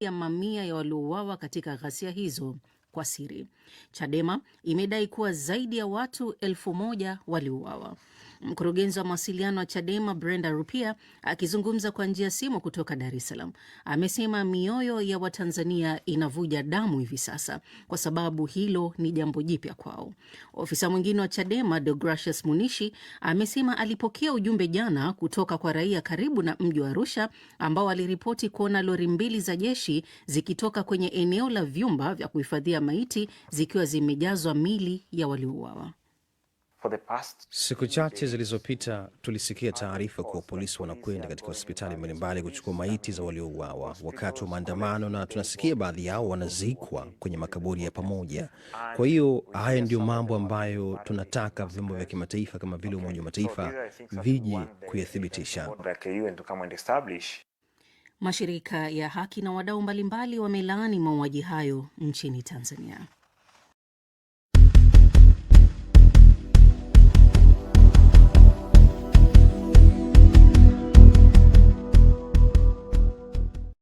ya mamia ya waliouawa katika ghasia hizo kwa siri. Chadema imedai kuwa zaidi ya watu elfu moja waliuawa. Mkurugenzi wa mawasiliano wa Chadema Brenda Rupia akizungumza kwa njia ya simu kutoka Dar es Salaam amesema mioyo ya Watanzania inavuja damu hivi sasa kwa sababu hilo ni jambo jipya kwao. Ofisa mwingine wa Chadema Deogratius Munishi amesema alipokea ujumbe jana kutoka kwa raia karibu na mji wa Arusha ambao aliripoti kuona lori mbili za jeshi zikitoka kwenye eneo la vyumba vya kuhifadhia maiti zikiwa zimejazwa mili ya waliouawa. Siku chache zilizopita tulisikia taarifa kuwa polisi wanakwenda katika hospitali mbalimbali kuchukua maiti za waliouawa wakati wa maandamano, na tunasikia baadhi yao wanazikwa kwenye makaburi ya pamoja. Kwa hiyo haya ndiyo mambo ambayo tunataka vyombo vya kimataifa kama vile Umoja wa Mataifa viji kuyathibitisha. Mashirika ya haki na wadau mbalimbali wamelaani mauaji hayo nchini Tanzania.